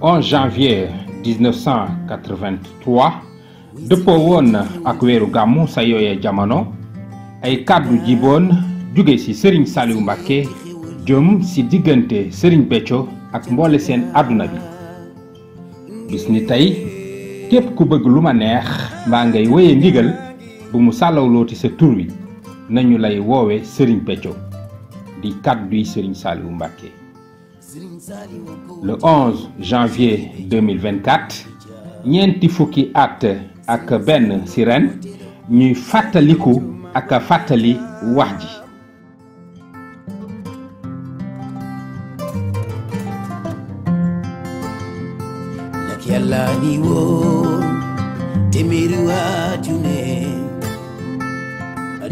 11 janvier 1983, depo won akweru gamon sayoye djamanon, ay kagdou djibon, djuge si sering sali ou mbake, djom si digente sering pecho ak mbole sen adunabi. Bisne tay, kep koubeg loumaner, ba an gaye weye nigel, boumousa la oulo ti se turwi, nan yon laye wowe sering pecho, di kagdou sering sali ou mbake. le 11 janvier 2024 ñeenti fukki acte ak benn si ren ñuy fàttaliku ak fatali wax ji. ni woon téeméeri waat yu ne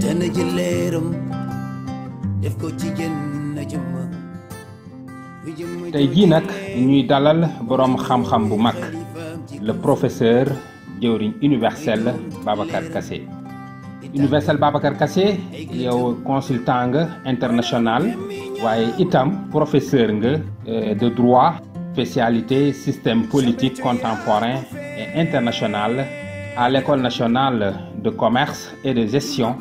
dana def ko ci genn Aujourd'hui, nous ñuy dalal le professeur de universel Babacar Kassé universel Babacar Kassé consultant international waye itam professeur euh, de droit spécialité système politique contemporain et international à l'école nationale de commerce et de gestion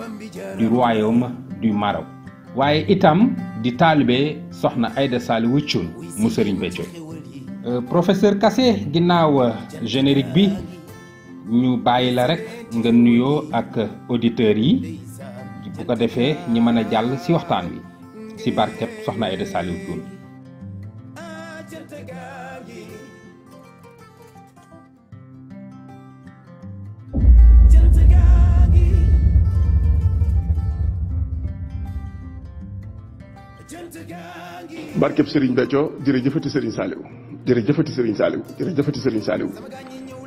du royaume du Maroc waaye itam di taalibe soxna Aïda Saliou Thioune mu Serigne Béthio euh, professeur Kassé ginnaaw générique bi ñu bàyyi la rek nga nuyoo ak auditeurs yi bu ko defee ñi mën a jàll ci waxtaan wi ci barkeb soxna Aïda Saliou barkeb Serigne dire jeufati Serigne dire jeufati Serigne dire jeufati Serigne salew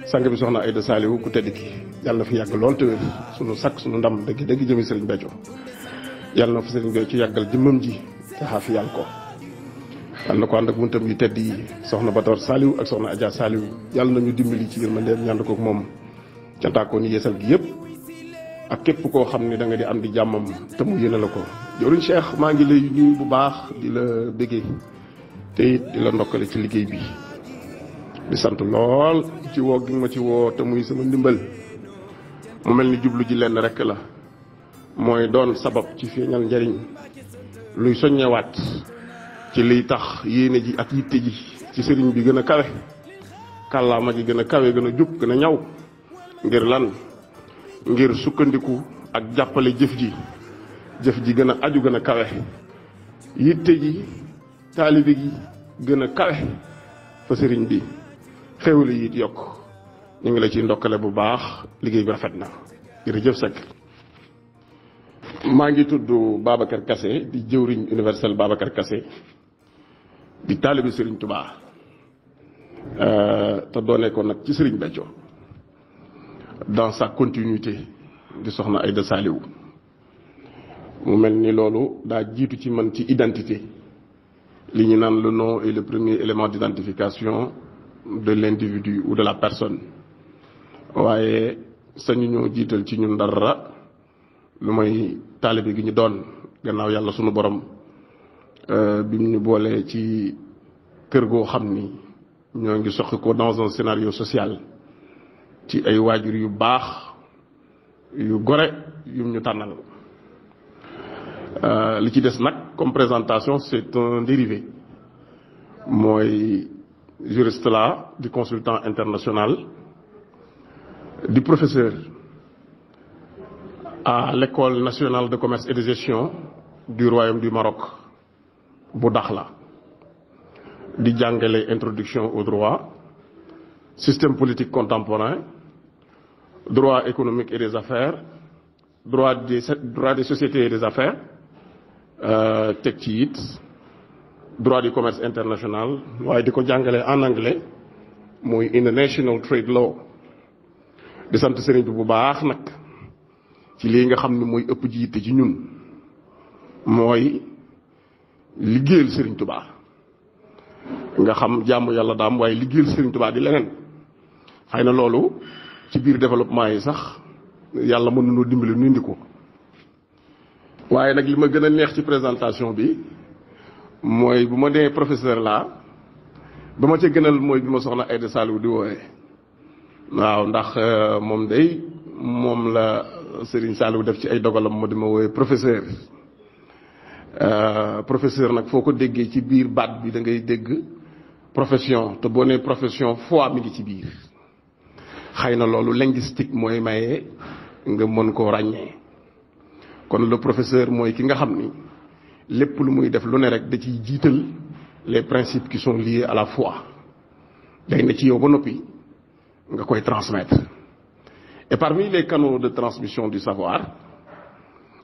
sang soxna ayda salew ku tedd ki fi yag lol sunu sak sunu ndam deug deug jëmi Serigne Béthio yalla no fi Serigne Béthio yagal jëmmam ji te xaafi yàlla ko yalla ko andak muntam yu teddi soxna Bator salew ak soxna Adja salew yalla nañu dimbali ci mom ci ta ko ni yeesal gi yeb ak kep ko xamni da nga di am di jamam te mu joriñ cheikh ma ngi lay nuyu bu baax di la bëggee té di la ndokkale ci liggéey bi di sant lool ci wo gi ma ci wo té muy sama ndimbal mu melni jublu ji lenn rek la moy doon sabab ci fiñal njariñ luy wat ci li tax yéene ji ak yitté ji ci sëriñ bi gëna kawé kala ma gi gëna kawé kawe gën gëna ñaw ngir lan ngir sukkandiku ak jappalé jëf ji jëf ji gën a aju gën a kawe yitte ji taalibe gi gën a fa sëriñ bi yit yokk ñu la ci ndokkale bu baax liggéey bi rafet na jërëjëf Seck maa ngi tudd Babacar Kassé di jëwriñ universel Babacar Kassé sëriñ euh, dans sa continuité di soxna de Saliou mu melni dit que l'identité, le nom est le premier élément d'identification de l'individu ou de la personne ñoo ci ñun dara gi ñu doon gannaaw borom euh, ci kër ñoo ngi dans un scénario social ci ay yu yu euh, li ci comme présentation c'est un dérivé je juriste là, du consultant international du professeur à l'école nationale de commerce et de gestion du royaume du Maroc bu Dakhla di introduction au droit système politique contemporain droit économique et des affaires droit droit des sociétés et des affaires Euh, teg ci it droit du commerce international waaye di ko jàngalee en anglais muy international trade law di sant sëriñ bi bu baax nag ci lii nga xam ni mooy ëpp jiite ci ñun mooy liggéeyal sëriñ tubaa nga xam jàmm yàlla daam waaye liggéeyal sëriñ tubaa di leneen xëy na loolu ci biir développement yi sax yàlla mën na nañoo dimbali nu indi ko waaye nag li ma gën a neex ci présentation bi mooy bu ma professeur laa ba ma ca gënal mooy bi ma soxna Aïda Saliou di wooyee waaw ndax euh, moom day moom la Serigne Salou def ci ay dogalam mo dima ma professeur euh professeur nak foko déggé ci biir bat bi da ngay dégg profession te boo profession fois mi ngi ci biir xeyna lolu linguistique moy mayé nga mën ko ràññee kon le professeur mooy ki nga xam ni lépp lu muy def lu rek da les principes qui sont liés à la foi day ne ci yow ba noppi nga koy transmettre et parmi les canaux de transmission du savoir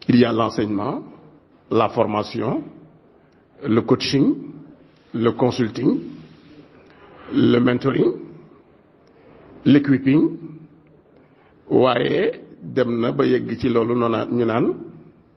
il y a l'enseignement la formation le coaching le consulting le mentoring l'équipping waaye dem na ba yegg ci loolu noona ñu naan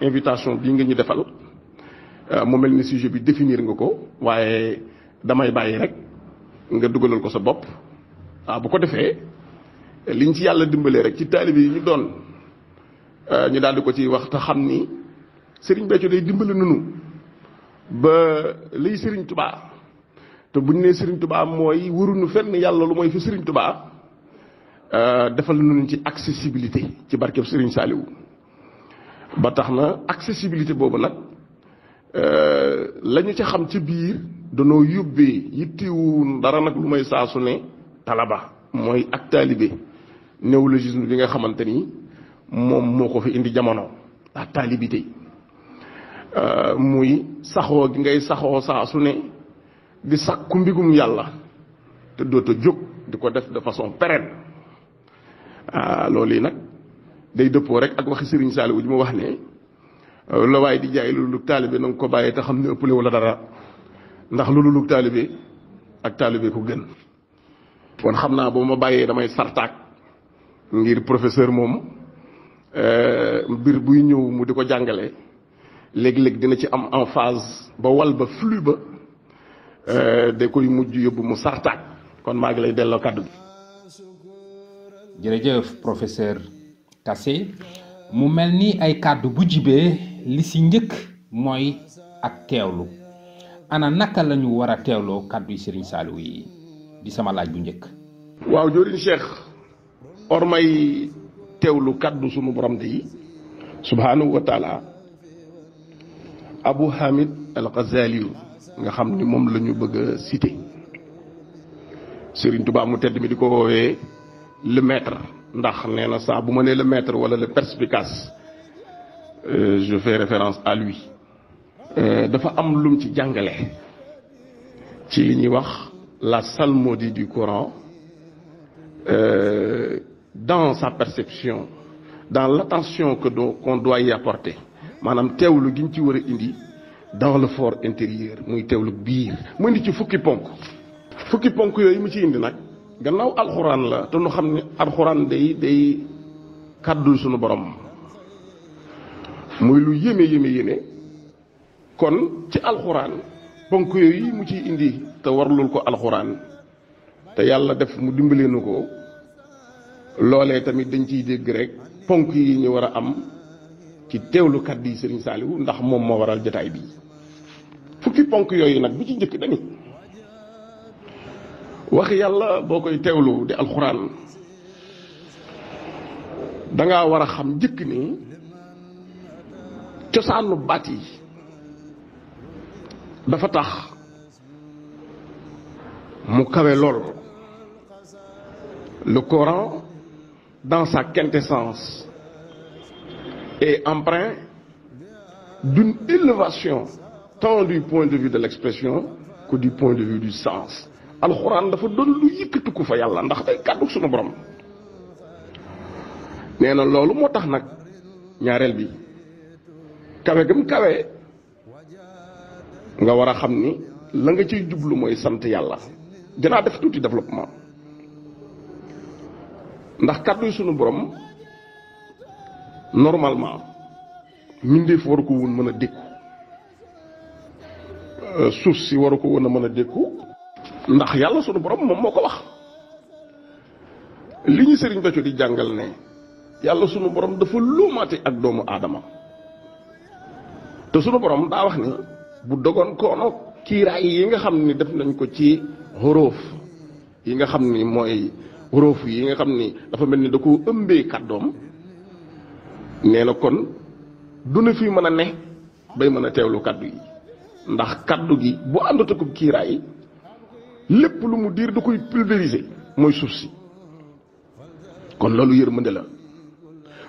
invitation bii nga ñu defal euh, mu mel ni sujet bi définir nga ko waaye damay bàyyi rek nga dugalal ko sa bopp waaw bu ko defee liñ ci yàlla dimbalee rek ci taalibe yi ñu doon euh, ñu daal di ko ci wax te xam ni Serigne Béthio day dimbale nunu ba liy Serigne tubaa te buñ nee Serigne Touba mooy waruñu fenn yàlla lu mooy fi Serigne Touba euh, defal nañu ci accessibilité ci barkeb Serigne Saliou. ba tax na accessibilité boobu nag euh, la ñu ca xam ci biir danoo yóbbee yittewu dara nag lu may saasu ne talaba mooy ak taalibe néologisme bi nga xamante ni moom moo ko fi indi jamono ak taalibité euh, muy saxoo gi ngay saxoo saasu ne di sakku mbigum yàlla te doota jóg di ko def de façon pérenne euh, loolu yi nag day dëppoo rek ak waxi Serigne Saliou ji mu wax ne euh, la waaye di jaay lu lug taalibe na nga ko bàyyee te xam ne ëppale wala dara ndax lu lulug taalibe ak taalibe ko gën. kon xam naa boo ma bàyyee damay sartaak ngir professeur moom euh, mbir buy ñëw mu di ko jàngale léegi léeg dina ci am en phase ba wal ba flux ba euh, da koy mujj yóbbu mu sartaak kon maa ngi lay delloo kàddu gi. tase mu mel ni ay kàddu bu jibee li ci njëkk mooy ak teewlu ana naka lañu ñu war a teewloo kàddu yi Serigne Saliou yi di sama laaj bu njëkk. waaw joriñ Cheikh or teewlu kàddu sunu borom yi subhaanahu wa Abu Hamid al Ghazali nga xam ni moom la ñu bëgg a cité Serigne Touba mu tedd mi di ko woowee le maître. ndax nee na saa bu ma le maître wala le perspicace euh, je fais référence à lui euh, dafa am lum ci jàngale ci li ñuy wax la salmodie du Coran euh, dans sa perception dans l'attention que qu'on doit y apporter maanaam teewlu gi ñu ci war indi dans le fort intérieur muy teewlu biir mu indi ci fukki ponk fukki ponk yooyu mu ci indi nag gannaaw alxuraan la te nu xam ne alxuraan day day kàddul suñu borom muy lu yéeme yéeme yéeme kon ci alxuraan ponk yooyu mu ciy indi te warlul ko alxuraan te yàlla def mu dimbalee nu ko loolee tamit dañ ciy dégg rek ponk yi ñu war a am ci teewlu kàddu yi Serigne Saliou ndax moom moo waral jataay bi fukki ponk yooyu nag bi ci njëkk dañu wax yàlla boo koy teewlu di alxuraan danga war a xam njëkk ni cosaanu baat yi dafa tax mu le Coran dans sa quintessence est empreint d'une innovation, tant du point de vue de l'expression que du point de vue du sens alxuraan dafa doon lu yëkkatiku fa yàlla ndax day kàddu suñu borom nee na loolu moo tax nag ñaareel bi kawe gëm kawe nga war a xam ni la nga ciy jublu mooy sant yàlla dinaa def tuuti développement ndax kàddu suñu borom normalement mbindeef waru ko woon mën a dékku euh, suuf si waru ko woon a mën a dékku ndax yàlla sunu borom moom moo ko wax li ñu sëriñ Béthio di jàngal ne yàlla sunu borom dafa luumaate ak doomu aadama te sunu borom daa wax ni bu dogoon koono kiiraay yi nga xam ni def nañ ko ci xorof yi nga xam ni mooy xorof yi nga xam ni dafa mel ni da koo ëmbee kàddoom nee na kon du na fi mën a ne bay mën a teewlu kàddu yi ndax kàddu gi bu àndatu ko kiiraay lepp lu mu dir da koy pulvériser moy souf si kon lolu yërmande la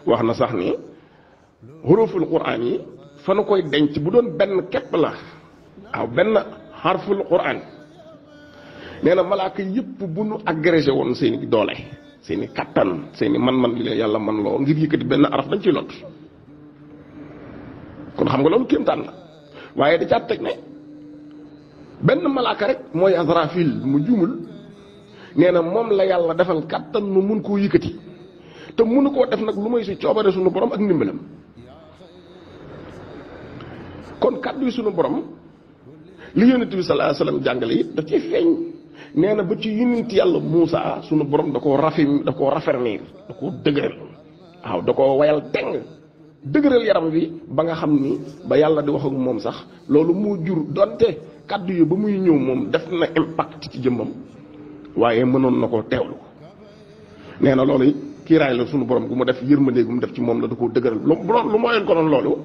waxna sax ni huruful qur'an yi fa ben koy denc bu don ben kep la aw ben harful qur'an neena na malaaka bu nu agrégé won seen doole seen katan seen man-man li yalla man lo ngir yëkëti ben araf dañ ci lot kon xam nga lolu kemtan la waye da tek ne Ben malaka rek moy azrafil mu jumul neena mom la yalla defal katan mu mun ko yëkkati te mun ko def nak lumay su si sunu borom ak nimbalam kon kaddu yi sunu borom li yonent bi salaa wasallam jangale yi da ci feñ neena ba ci yonent yalla musa sunu borom da ko rafi da ko rafernir da ko dëgëral aw da ko wayal teng dëgëral yaram bi ba nga xamni ba yalla di wax ak mom sax mo jur donte kàddu yi ba muy ñëw moom def na impact ci jëmmam waaye mënoon na koo teewlu ko na loolu kiiraay la sunu borom gu ma def yërmande gu mu def ci moom la du ko dëgëral lu lu mooyoon ko noonu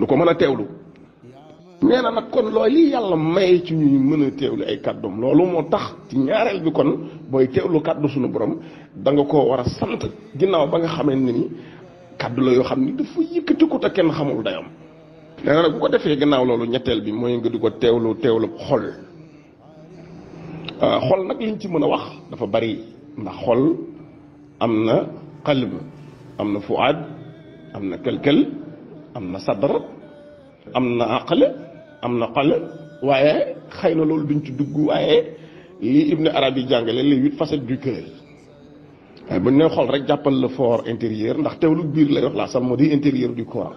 du ko mën a teewlu nee na nag kon loolu li yàlla may ci mën a teewlu ay kàddoom loolu moo tax ci ñaareel bi kon booy teewlu kàddu sunu boroom danga ko war a sant ginnaaw ba nga xamee ni kàddu la yoo xam ni dafa yëkkati ko te kenn xamul dayam nee na nag bu ko defee gannaaw loolu ñetteel bi mooy nga di ko teewlu teewlu xol xol nag liñ ci mën a wax dafa bari ndax xol am na qalb am na fuaad am na kël-kël am na sadar am na aql am na qal waaye xëy na loolu duñ ci dugg waaye lii ibnu arab yi jàngale les huit facettes du cœur waaye buñ ne xol rek jàppal le fort intérieur ndax teewlu biir lay wax la salmo di intérieur du corps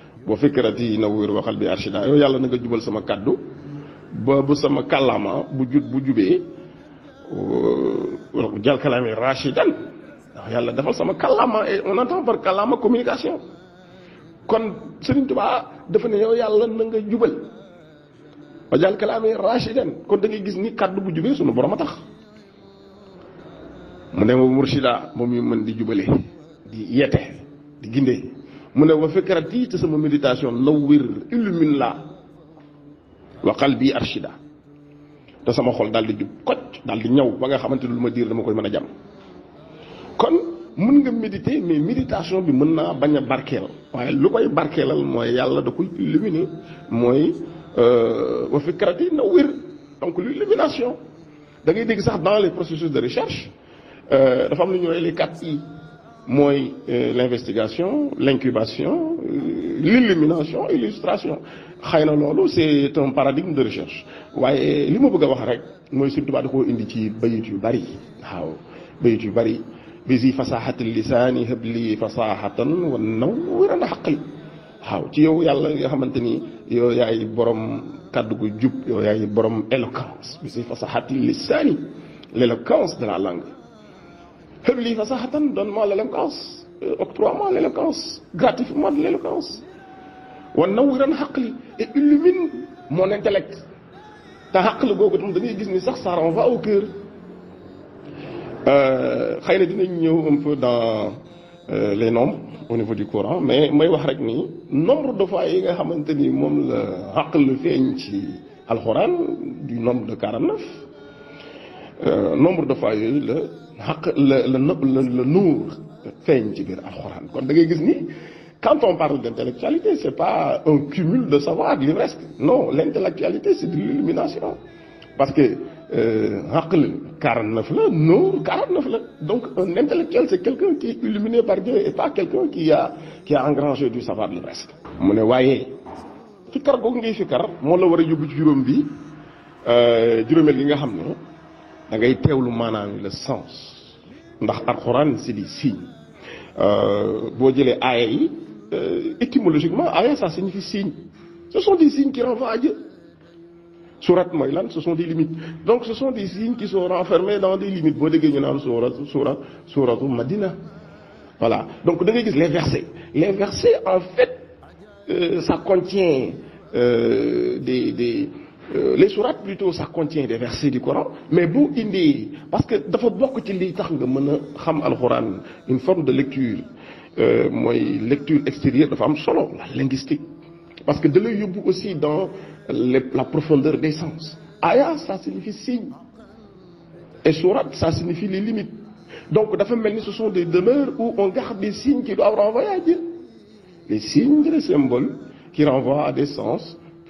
boo wa fikrati nawwir waxal bi arshida yow yàlla na nga jubal sama kàddu ba bu sama kàllaama bu jub bu jubee euh, jal kalaami rashidan yàlla defal sama kàllaama et on entend par kàllaama communication kon Sëriñ Tuubaa dafa ne yow yàlla na nga jubal wa jal kalaami rashidan kon da gis ni kàddu bu jubee sunu borom a tax mu ne ma murshida moom yu mën di jubale di yete di gindee mune wa fikrati te sama méditation nawwir illumine la wa qalbi arshida ta sama xol di jub ba nga xamante diir dama koy mëna jam kon mën nga méditer mais méditation bi mën naa bañ a lu koy barkeelal da koy euh, wa donc l'illumination da ngay dégg sax dans les processus de recherche euh, dafa am lu les quatre I mooy euh, l'investigation l'incubation euh, l'illumination illustration xëy na loolu c'est un paradigme de recherche waaye li ma bëgg a wax rek mooy Sëriñ Tuubaa da koo indi ci bayit yu bari waaw bayit yu bari bisi fasaxati lisaani habli fasaxatan wan naw wéran a xaqli waaw ci yow yàlla nga xamante ni yow borom kàddu gu jub yow borom éloquence bisi fasaxati lisaani l'éloquence de la langue هب لي فصاحة donne-moi l'éloquence octroie-moi l'éloquence gratifie-moi de l'éloquence ونورا عقلي et illumine mon intellect te عقل googu tam da ngay gis ni sax ça renvoie au cœur xëy na dinañ ñëw un peu dans euh, les nombres au niveau du courant mais may wax rek ni nombre de fois yi nga xamante ni moom la àql feeñ ci alxuraan du nombre de 49 Euh, nombre de fois yooyu la le le le le nour feeñ ci biir alxuraan kon da ngay ni quand on parle d'intellectualité c'est pas un cumul de savoir li non l'intellectualité c'est de l'illumination parce que euh, aql 49 la 49 la donc un intellectuel c'est quelqu'un qui est illuminé par Dieu et pas quelqu'un qui a qui a engrangé du savoir li reste mu ne waaye fikar googu ngay fikar moo la war a yóbbu ci juróom bi euh, juróomeel gi nga xam ne le sens c'est des signes Vous euh, jëlee euh, étymologiquement aïe, ça signifie signe ce sont des signes qui renvoient à Dieu surat Maïlan, ce sont des limites donc ce sont des signes qui sont renfermés dans des limites ñu surat surat Madina voilà donc da les versets les versets en fait euh, ça contient des euh, les sourates plutôt ça contient des versets du Coran mais bu indi parce que dafa bok ci tax nga xam une forme de lecture euh, lecture extérieure dafa am solo la linguistique parce que de a beaucoup aussi dans la profondeur des sens aya ça signifie signe et sourate ça signifie les limites donc dafa ce sont des demeures où on garde des signes qui doivent renvoyer à Dieu les signes les symboles qui renvoient à des sens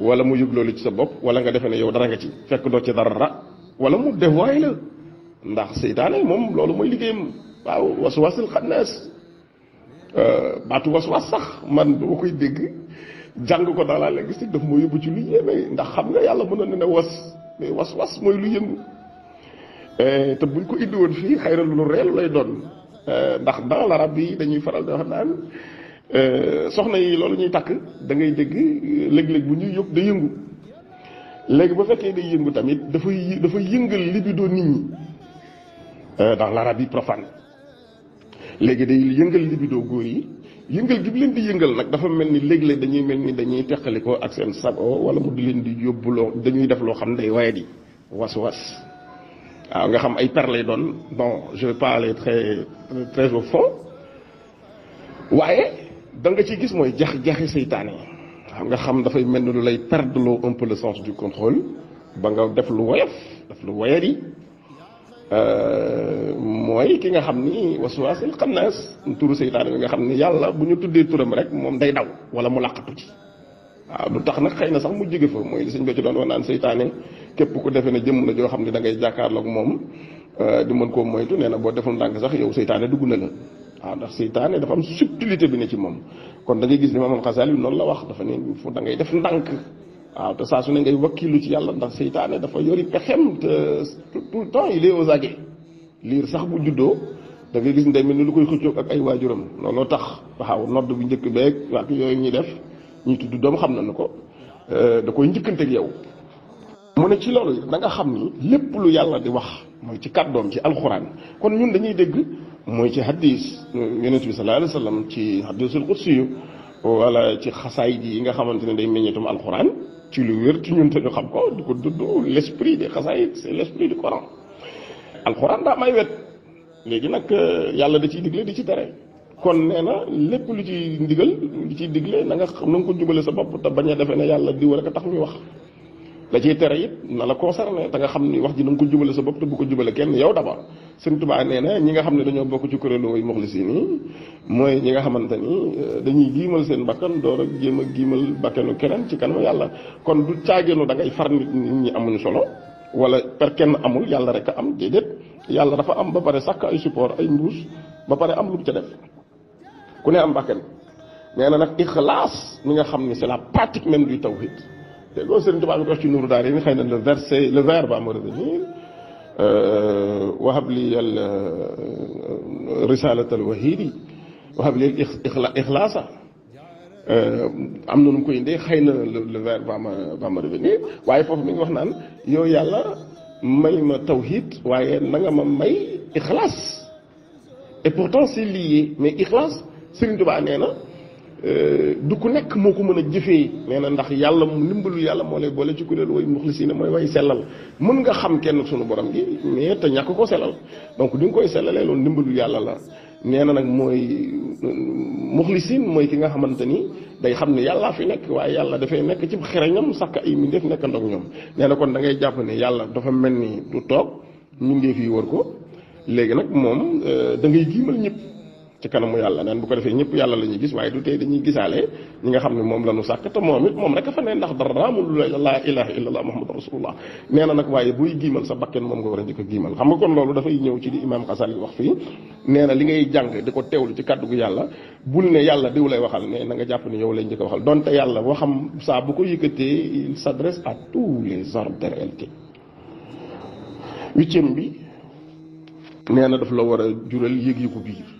wala mu yëg loolu ci sa bopp wala nga defe ne yow dara nga ci fekk doo ci dara wala mu dévoyé la ndax seytaane moom loolu mooy liggéeyam waaw waswasil xannaas euh, baatu waswas sax man bu koy dégg jàng ko dans la linguistique daf moo yóbbu ci lu yéeme ndax xam nga yàlla mun na ne was mais was-was mooy lu yëngu euh, te buñ ko indi woon fii xëy na lu reelu lay doon euh, ndax dans l'arab yi dañuy faral di wax naan Euh, soxna yi loolu ñuy takk da ngay dégg euh, léeg bu ñuy libido dans l'arabie profane libido yi yëngal di yëngal dafa was je vais pas très très au fond dal nga ciy gis mooy jax jaxi seytaane xam nga xam dafay mel ni lu lay perdre loo un peu le sens du contrôle ba nga def lu woyof def lu woyat yi euh, mooy ki nga xam ni waswaasil xannaas turu seytaane bi nga xam ni yàlla bu ñu tuddee turam rek moom day daw wala mu làqatu ci waaw lu tax nag xëy na sax mu jóge fa mooy li sëñ ci doon wax naan seytaane képp ku defee ne jëmm la joo xam ne da ngay jàkkaarloog moom euh, di mën koo moytu nee na boo deful ndànk sax yow seytaane dugg na ah ndax seytaane dafa am subtilité bi ne ci moom kon da ngay gis ni Imaamul Xasaali noonu la wax dafa ne fu da ngay def ndànk waaw ah, te saa su ne ngay wakkilu ci yàlla ndax seytaane dafa yori pexem te tout le temps il est aux aguets liir sax bu juddoo da ngay gis ne ni lu koy xëccoog ak ay waajuram looloo tax waaw nodd bu njëkk beeg waak yooyu ñuy def ñuy tudd doom xam nañu ko euh, da koy njëkkanteeg yow mu ne ci loolu da nga xam ni lépp lu yàlla di wax mooy ci kàddoom ci alxuraan mooy ci hadis yonent bi sallallahu alayhi wa sallam ci hadisul qudsi yu wala ci xasaayid yi nga xamante ne day meññeetum alxuraan ci lu wér ci ñun te ñu xam ko di ko dudd l' esprit des xasaayid c' est l' esprit du daa may wet léegi nag euh, yàlla da ciy digle di ci tere kon nee na lépp lu ci ndigal lu ciy digle na nga xam na ko jubale sa bopp te bañ a defee ne yàlla diw rek a tax muy wax la ci téré yit na la concerné te nga xamni wax ji nang ko jubale sa bop te bu ko jubale kenn yow d'abord sëñ touba néna na ñi nga xamni dañoo bokku ci kuréelu way moxlis yi nii ñi nga xamanteni euh, dañuy giimal seen bakkan door ak jema giimal bakkanu keneen ci kanu yalla kon du caageenu da ngay far nit ñi amuñu solo wala per kenn amul yalla rek am dedet yalla dafa am ba pare sak ay support ay mbuus ba pare am lu ci def ku ne am bakkan néna na ikhlas ixlaas mi nga xamni c'est la pratique même du tawhid déggoo Sëriñ Serigne Touba ko wax ci nuru daal yi xëy na le verset le verbe am me revenir wahab li al risalat al wahidi wahab li al ixlaasa am na nu mu koy indee xëy na le verbe am ma va ma revenir waaye foofu mi ngi wax naan yow yàlla may ma tawhid waaye na nga ma may ixlaas et pourtant c'est lié mais ixlaas Serigne Touba nee na Euh, du ku nekk moo ko mën a jëfee nee na ndax yàlla ndimbalu yàlla moo lay boole ci kuréel way muxlisiina mooy way sellal mën nga xam kenn sunu borom gi mais te ñàkk koo sellal donc di nga koy sellalee loolu ndimbalu yàlla la nee na nag mooy euh, muxlisiin mooy ki nga xamante ni day xam ne yàlla fi nekk waaye yàlla dafay nekk ci xereñam sàkk ay mi def nekk ndox ñoom nee na kon dangay ngay jàpp ne yàlla dafa mel ni du toog ñu ngi fi wër ko léegi nag moom euh, da ngay giimal ñëpp ci kanamu yàlla neen bu ko defee ñëpp yàlla la ñuy gis waaye du tey dañuy gisaale ñi nga xam ne moom la ñu sàkk te moom it moom rek a fa ne ndax dara amul laa ilaha illallah muhammadu rasulullah nee na nag waaye buy giimal sa bakken moom nga war a njëkk a giimal xam nga kon loolu dafay ñëw ci di imam xasali wax fii nee na li ngay jàng di ko teewlu ci kàddu gu yàlla bul ne yàlla diw lay waxal ne na nga jàpp ni yow lay njëkk a waxal donte yàlla waxam saa bu ko yëkkatee il s'adresse à tous les ordres de réalité bi nee na daf la war a jural yëg-yëgu biir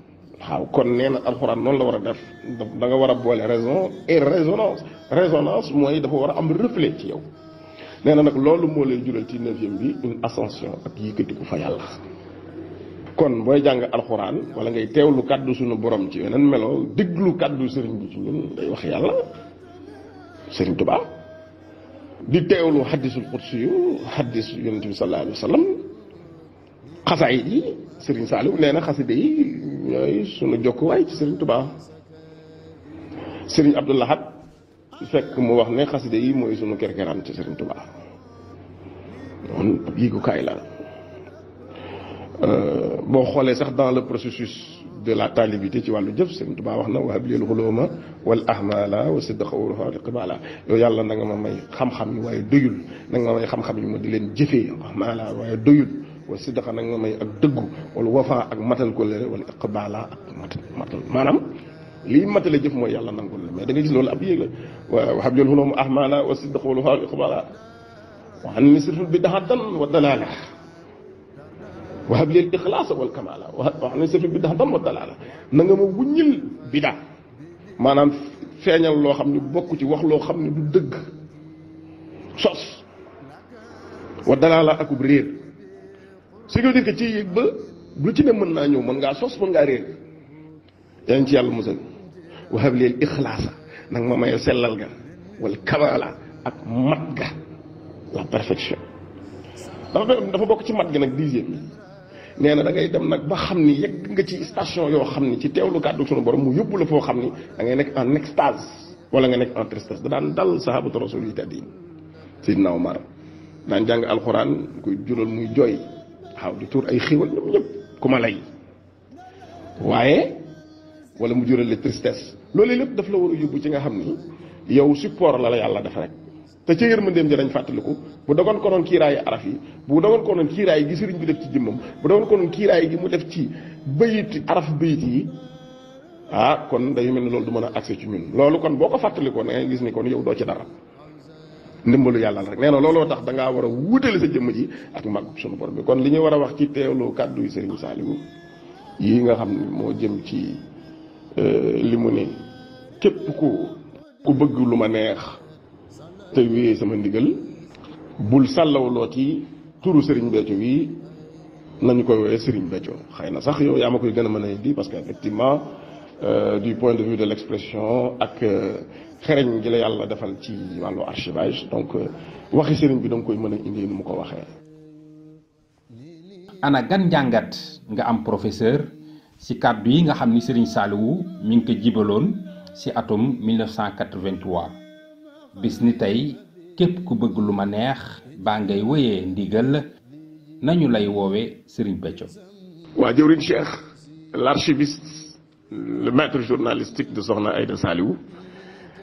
waaw kon nee na alxuraan noonu la war a def da nga war a boole raison et résonance résonance mooy dafa war a am reflet ci yow nee na nag loolu moo lay jural ci neuvième bi une ascension ak yëkkatiku fa yàlla. kon booy jàng alxuraan wala ngay teewlu kàddu suñu borom ci weneen melo déglu kàddu sëriñ bi ci ñun day wax yàlla sëriñ tuba di teewlu xaddisul xudsi yu xaddis yonent bi sallallahu alayhi wa sallam xasaay yi. Serigne Saliou nee na xaside yi ñooy sunu jokkuwaay ci Serigne Touba Serigne Abdou Lahad fekk mu wax ne xaside yi mooy sunu kerkeraan ci Serigne Touba noonu ab yéegukaay la boo xoolee sax dans le processus de la talibité ci wàllu jëf Serigne Touba wax na wahab lil xulóoma wal ahmala wa sidqa wal qibala yow yàlla na nga ma may xam-xam yi waaye doyul na nga ma may xam-xam yi ma di leen jëfee ahmala waaye doyul والصدق أنا ما يأدق والوفاء أمثل كل والإقبال أمثل ما نعم لي ما تلقي في مويا الله نقول ما دنيز لول أبي وحب جل هلوم أحمالا والصدق والوفاء إقبالا وعن نسر في البدعة دم والدلالة وحب جل الإخلاص والكمالة وعن نسر في البدعة دم والدلالة نعم وينيل بدعة ما نعم فين الله خم نبكو تي وخلو خم نبدق صوص ودلالة أكبرير ce qui veut dire que ci yëg ba lu ci ne mën naa ñëw mën ngaa sos mën ngaa réer yaa ci yàlla musal wahab lil ikhlasa nag ma maye sellal ga wal kamala ak mat ga la perfection dafa dafa bokk ci mat gi nag dixième nee na da ngay dem nag ba xam ni yegg nga ci station yoo xam ni ci teewlu kàddu sunu borom mu yóbbu la foo xam ni da ngay nekk en extase wala nga nekk en tristesse da daan dal sahabatu rasul yi taddi sayidina omar daan jàng alquran koy jural muy jooy waaw di tuur ay xiiwal ñoom ñëpp ku ma lay waaye wala mu jural la loolu lépp daf la war a yóbbu ci nga xam ni yow support la la yàlla def rek te ca yërmandeem ja dañ fàttaliku bu dogoon ko noon kiiraayu araf yi bu dogoon ko noon kiiraay gi sëriñ bi def ci jëmmam bu dogoon ko noon kiiraay gi mu def ci bayit araf bayit yi ah kon day mel ni loolu du mën a accès ci ñun loolu kon boo ko fàttalikoo da gis ni kon yow doo ci dara ndimbalu yàlla la rek nee na looloo tax da ngaa war a wutale sa jëmm ji ak mag sunu borom bi kon li ñu war a wax ci teewlu kàddu yi Serigne Saliou yi nga xam ne moo jëm ci euh, li mu ne képp ku bëgg lu ma neex te wéyee sama ndigal bul sàllawloo ci turu Serigne Béthio wi nañu koy woowee Serigne Béthio xëy na sax yow yaa ma koy gën a mën a di parce que effectivement euh, du point de vue de l'expression ak euh, xereñ gi la yàlla defal ci walu archivage donc euh, waxi sëriñ bi danga koy mën indi numu ko waxee. ana gan jangat nga am professeur ci cadre yi nga xamni ni sëriñ mi ngi ko jibaloon si atum 1983 bis ni tey képp ku bëgg lu ma neex baa ngay wéyee ndigal nañu lay woowee sëriñ Béthio. wa jëwriñ Cheikh l'archiviste le maître journalistique de Soxna Aïda Saliou.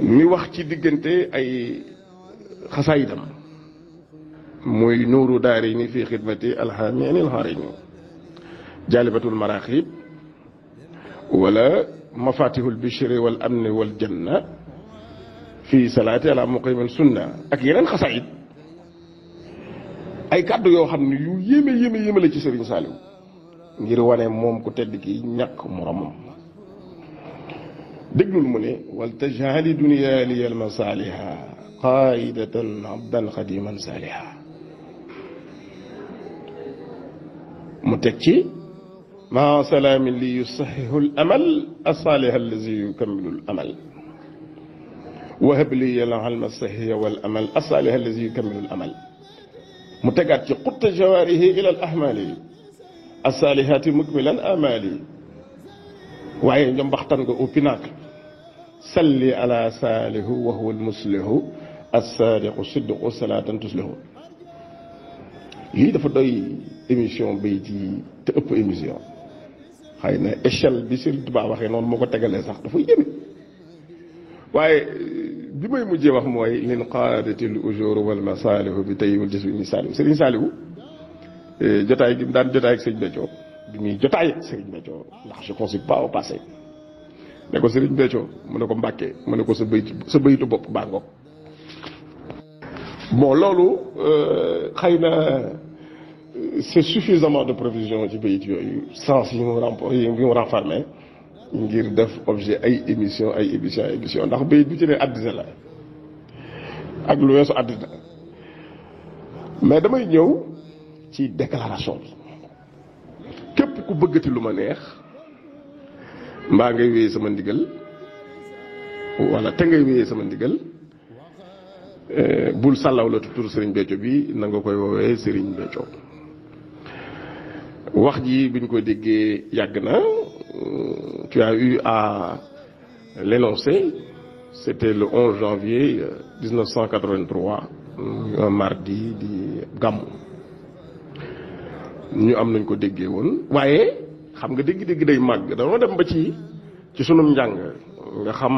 mi wax ci diggante ay xasaayidam muy nuuru daari ni fi xidmati alhaami anil harini jaalibatul maraqib wala mafatihul bishri wal amni wal janna fi salaati ala muqimin sunna ak yeneen xasaayid ay kàddu yoo xam ne yu yéeme yéeme yéeme la ci Serigne Saliou ngir wane moom ku tedd ki ñàkk moromam دجل مني ولتجعل دنيا لي المصالح قائدة عبدا خديما صالحا متكي مع سلام ليصحح الأمل الصالح الذي يكمل الأمل وهب لي العلم الصحي والأمل الصالح الذي يكمل الأمل متكاتي قط جواره إلى الأحمال الصالحات مكملا آمالي وعين جنب أختنق أوبناك صل على ساله وهو المصلح الصادق الصدق صلاة تصلح هذا فدوي إميشن بيتي تأب إميشن خاينا إشل بيسير تبع وخي نون موكو تغالي سخت فو يمي واي بما يمجي وهم واي لين قادة الأجور والمصالح بتأيو الجسو إني سالي سرين سالي هو جتاي جمدان جتاي سيجنة جو بمي جتاي سيجنة جو لحشو كونسي باو باسي ne ko Serigne Béthio mu ne ko Mbàkke mu ne ko sa beuy sa baytu bop ba ngoog bon lolou euh xeyna euh, c'est suffisamment de provisions ci bayit yooyu sans yi mu rempo yi mu renfermé ngir def objet ay émission ay émission ay émission ndax bayit bi ci ne àddina la ak lu weesu àddina mais damay ñew ci déclaration bi képp ku bëggati luma neex mbaa ngay wéyee sama ndigal wala te ngay wéyee sama ndigal eh, bul sàllaw la tur sëriñ Béthio bi na nga koy woowee sëriñ wax ji bi ko déggee yàgg na euh, tu as eu à l'énoncer c'était le 11 janvier 1983 euh, euh, un mardi di gàmmu ñu am nañ ko déggee woon waaye xam nga dégg-dégg day màgg dama dem ba ci ci sunum njàng nga xam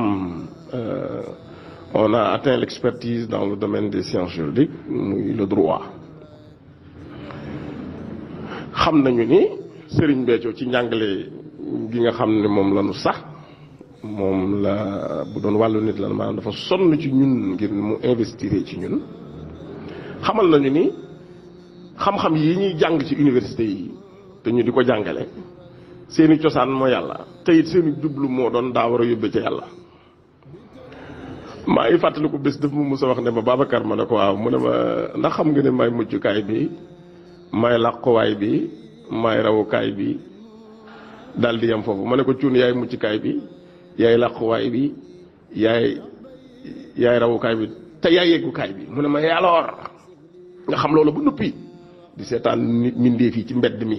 euh, on a atteint l'expertise dans le domaine des sciences juridiques muy le droit xam nañu ni Serigne Béthio ci njàngale gi nga xam ne moom la ñu sax moom la bu doon wàllu nit la maanaam dafa sonn ci ñun ngir mu investir ci ñun xamal nañu ni xam-xam yi ñuy jàng ci université yi te ñu di ko jàngale seeni cosaan moo yàlla te it seeni jublu moo doon daa war a yóbbe ca yàlla maa ngi fàttaliku bés daf mu mus wax ne ma Babacar ma ne ko waaw mu ne ma ndax xam nga ne may muccukaay bi may làquwaay bi may rawukaay bi daal di yem foofu ma ne ko cuun yaay muccukaay bi yaay làquwaay bi yaay yaay rawukaay bi te yaay yeggukaay bi mu ne ma yàlla nga xam loolu ba noppi di seetaan nit yi ci mbedd mi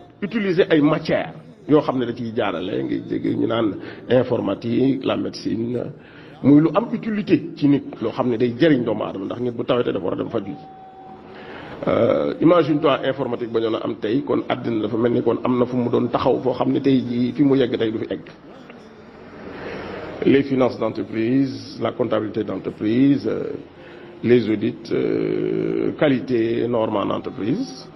utiliser ay matières yo xamné da ci jaarale ngay jégué ñu naan informatique la médecine muy lu am utilité ci nit lo xamné day jëriñ doom adam ndax nit bu tawetee dafa wara a dem faju ji euh, imagine toi informatique ba ñoo am tay kon adina dafa melni kon am na fu mu doon taxaw fo xamné tay ji jii fi mu yegg tay du fi egg les finances d'entreprise la comptabilité d'entreprise euh, les audits euh, qualité norme en entreprise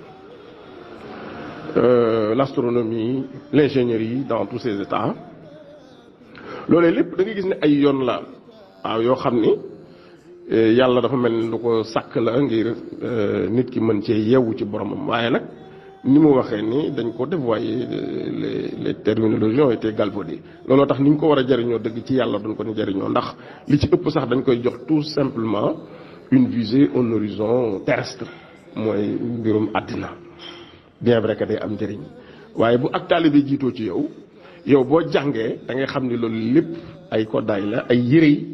euh, l'astronomie l'ingénierie dans tous ces états Lolé lepp da nga gis ni ay yoon la waaw yo xam ni eh, yàlla dafa mel ni lu ko sak la ngir eh, nit ki mën ci yewu ci boromam waaye nag ni mu waxé ni dañ ko dévoyé eh, les les terminologies ont été galvaudées looloo tax ni ngi ko wara a deug ci yalla duñ ko ni jëriñoo ndax li ci ëpp sax dañ koy jox tout simplement une visée un horizon terrestre moy mbirum àddina bien vrai que day am njëriñ waye bu ak talibé jito ci yow yow bo jangé da ngay xamni loolu lepp ay la ay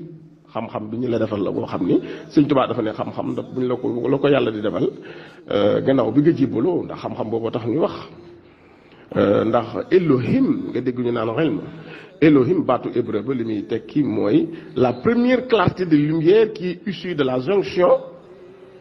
xam-xam bi la defal la bo xam-xam la ko la ko di euh, gannaaw bi nga ndax xam-xam tax ñu wax euh, ndax Elohim nga dégg ñu naan important Elohim baatu li tekki la première clarté de lumière qui est issue de la jonction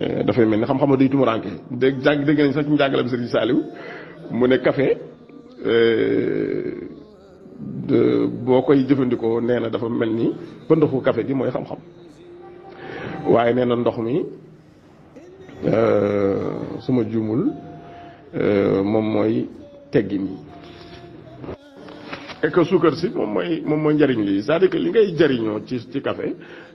Eh, dafay mel ni xam-xam day tumuraanke dégg jàng dégg sax ci njàngaleem Sëriñ Saaliw mu ne café eh, boo koy jëfandikoo nee na dafa mel ni ba ndoxu café gi mooy xam-xam waaye nee na ndox mi eh, suma juumul moom mooy teggin yi et suukar si moom mooy moom mooy njariñ lii cest à li ngay jariñoo ci ci kafe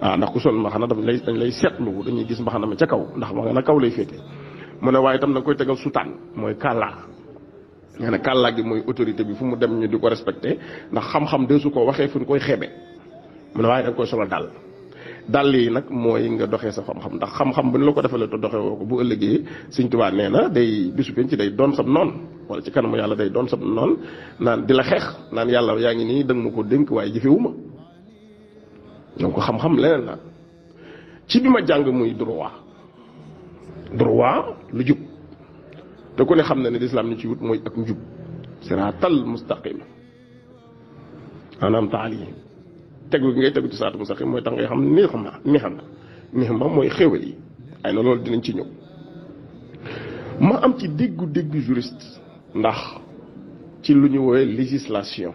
waaw ah, ndax ku sol mbaxana dafa lay dañ lay seetlu dañuy gis mbaxana ma ca kaw ndax a kaw lay féete mu ne waaye itam da nga koy tegal sutaan mooy kàllaa nga ne kàllaa gi mooy autorité bi fu mu dem ñu di ko respecté ndax xam-xam deesu ko waxee fu ñu koy xeebe waaye da solo dal dàll yi nag mooy nga doxee sa xam ndax xam-xam la ko defalee te doxee woo ko bu ëllëgee Sëñ Tuubaa nee na day bisu penc ci day doon sab noon wala ci kanamu yàlla day doon sab noon naan di la xeex naan yàlla yaa ngi nii da ma ko dénk waaye jëfewuma donc xam-xam leneen la ci bi ma jàng muy droit droit lu jub te ku ne xam na ne lislaam ni ci wut mooy ak njub siraatal mustaqim maanaam taal yi tegu ngay tegu ci siraatal mustaqim mooy tax ngay xam nixma nixma nixma mooy xéwal yi ay na loolu dinañ ci ñëw ma am ci déggu déggu juriste ndax ci lu ñu woowee législation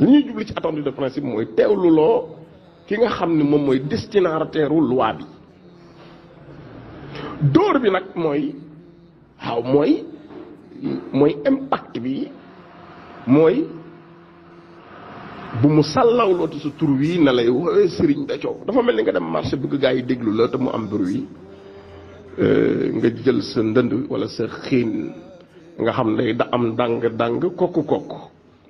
li ñuy jublu ci attendu de principe mooy teewlu ki nga xam ne moom mooy destinataire loi bi dóor bi nag mooy waaw mooy mooy impact bi mooy bu mu sàllawloo te su tur wi na lay woowee sëriñ da coow dafa mel ni nga dem marché bëgg gaa yi déglu la te mu am bruit euh, nga jël sa ndënd wala sa xiin nga xam ne da am dàng dàng kokku kokku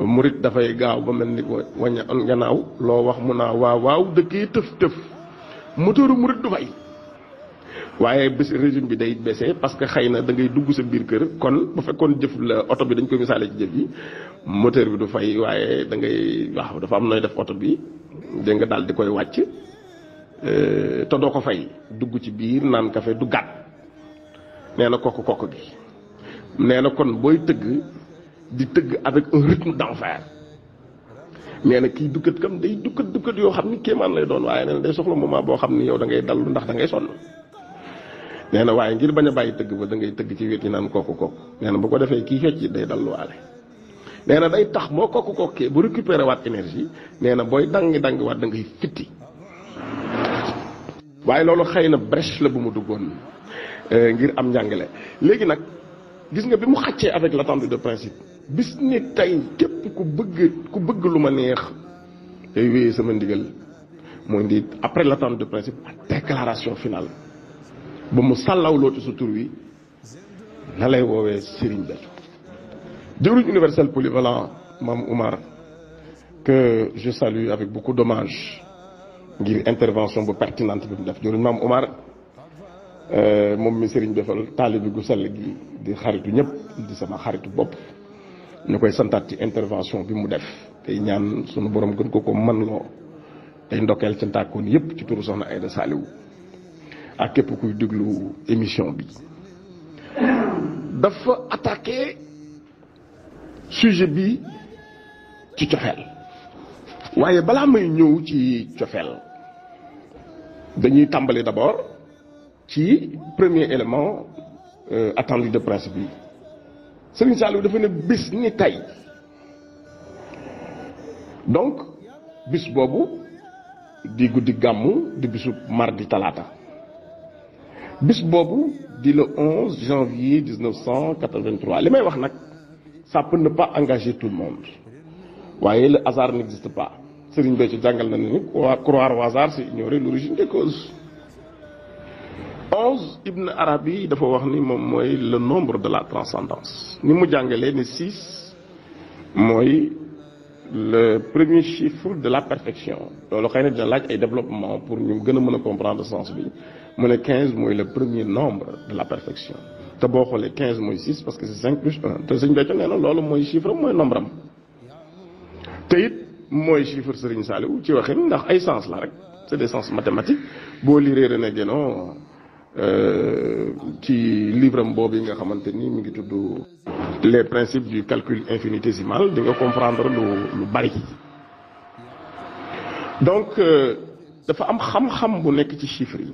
murit dafay gaaw ba mel ni waña gannaaw loo wax mu naa waaw waaw dëkkee tëf tëf moteuru murit du fay waaye bis régime bi day baissé parce que xëy na dangay dugg sa biir kër kon bu fekkoon jëf la oto bi dañ koy misaale ci jëf yi moteur bi du fay waaye dangay ngay waaw dafa am nooy def oto bi dégg nga daal di koy wàcc euh, te doo ko fay dugg ci biir naan kafe du gàtt nee na kokk kokk gi nee na kon booy tëgg di teug avec un rythme d'enfer néna ki dukkat kam day dukkat dukkat yo xamni kéman lay doon waaye néna day soxla moment bo xamni yow da ngay dallu ndax da ngay son néna na ngir baña a teug ba da ngay teug ci wéti nan naan kok néna na bu ko defee kii fecc day dalluwaale walé na day tax moo kok ké bu récupérer wat énergie néna na dangi dangi wat da ngay fitti waaye lolu xeyna brèche la bu mu euh ngir am légui nak gis nga bi mu xaccé avec l'attente de principe bis ne tay képp ku bëgg ku bëgg lu ma neex day wéyee sama ndigal mooy ndi après l'attente de principe déclaration finale ba mu sàllawloo ci sa tur wi na lay woowee Serigne Béthio jëwriñ universel polyvalent Mam Oumar que je salue avec beaucoup d'hommage ngir intervention bu pertinente bi mu def jëwriñ Mam Oumar euh, moom mi Serigne defal taalibe gu sell gi di xaritu ñëpp di sama xaritu bopp ñu koy santaat ci intervention bi mu def tey ñaan sunu borom gën ko ko mën loo tey ndokkeel ca ntàkkoon yépp ci turu soxna Aïda Saliou ak képp kuy déglu émission bi dafa attaqué sujet bi ci tiofel waye bala may ñëw ci tiofel dañuy tambalé d'abord ci premier élément euh attendu de principe bi Serigne une dafa ne bis ni donc bis bobu di goudi gamu di bisu mardi talata. bis bobu di le 11 janvier 1983 ça peut ne pas engager tout le monde le hasard n'existe pas Serigne une jangal na croire au hasard c'est ignorer l'origine des causes 11 Ibn Arabi dafa wax ni le nombre de la transcendance ni ni 6 le premier chiffre de la perfection Il y a développement pour nous comprendre 15 sens bi le premier nombre de la perfection D'abord, le 15 parce que c'est 5 plus 1. te chiffre nombre chiffre sens c'est des sens mathématiques lire qui livre un les principes du calcul infinitésimal de comprendre le baril donc euh, dafa am xam-xam bu chiffres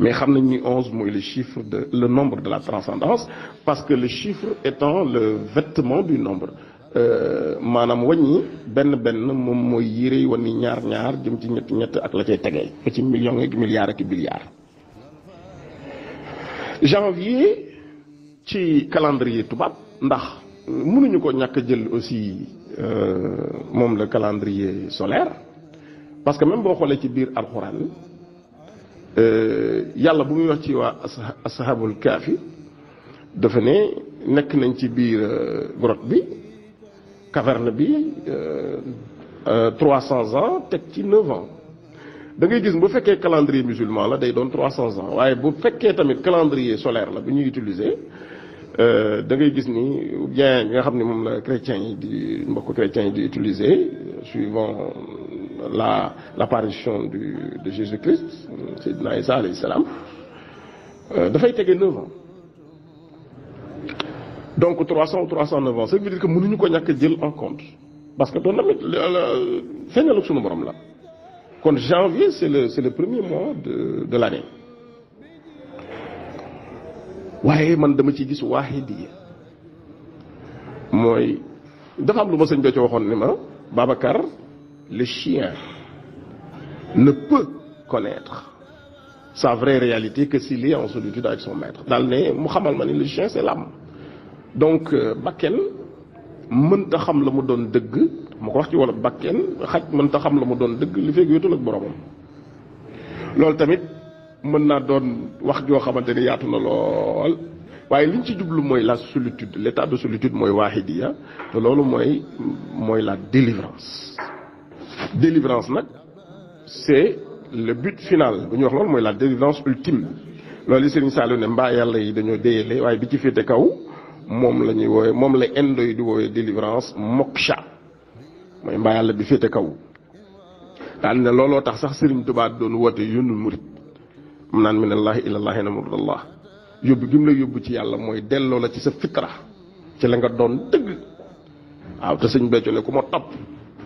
mais xam nañ ni le chiffre de le nombre de la transcendance parce que le chiffre étant le vêtement du nombre euh, millions milliards ak milliards janvier ci calendrier tubab ndax euh, mënuñu ko ñak jël aussi euh mom le calendrier solaire parce que même bo xolé ci bir alcorane euh yalla bu mu wax ci wa ashabul kafi dafa né nek nañ ci bir euh, grotte bi caverne bi euh 300 euh, ans tek ci 9 ans da ngay gis bu fekkee calendrier musulman la day doon 300 ans waaye bu fekkee tamit calendrier solaire la bu ñuy utiliser euh, da ngay gis ni ou bien nga xam ne la chrétiens yi di mbokk chrétiens di utiliser suivant la l'apparition de Jésus-Christ et salam. alayhi salaam euh, dafay tege 9 ans donc 300 ou 309 ans ça veut dire que mënuñu ko que jël en compte parce que doon tamit feeñalu suñu borom la. Quand janvier, c'est le, le, premier mois de, de l'année. Waye man dama ci gis waaxidiya mooy dafa am lu ma sëñ Béthio waxoon Babacar le chien ne peut connaître sa vraie réalité que s'il est en solitude avec son maître Dans né mu xamal le chien c'est l'âme donc euh, Baken mënta xam la mu doon dëgg ma ko wax ci wala bakken xaj mënta xam la mu doon dëgg li fekk wéetul ak boromam loolu tamit mën naa doon wax joo xamante ni yaatu na lool waaye liñ ci jublu mooy la solitude l'état de solitude mooy waaxidiya te loolu mooy mooy la délivrance délivrance nag c'est le but final bu ñuy wax loolu mooy la délivrance ultime loolu yi Serigne Saliou ne mbaa yàlla yi dañoo déyale waaye bi ci féete kaw moom la ñuy woowe moom la indo yi di woowee woowe délivrance moksha mooy mbaa la bi féete kaw daan ne looloo tax sax Sëriñ Tuubaa doon woote yónnul murit mu naan minallaahi ilallaahi na murdallah yóbbu gi mu la yóbbu ci yàlla mooy delloo la ci sa fitra ci la nga doon dëgg waaw te sëñ Béthio ne ma topp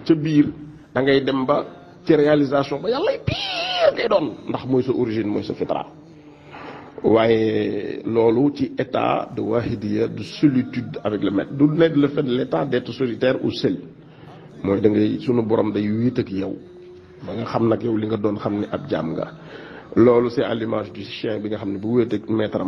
ca biir da ngay dem ba ci réalisation ba yàlla piir ngay doon ndax mooy sa origine mooy sa fitra l'état de de solitude avec le maître d'où le fait de l'état d'être solitaire ou seul Moi, da ngay sunu borom day yow ba nga xam yow c'est à l'image du chien maître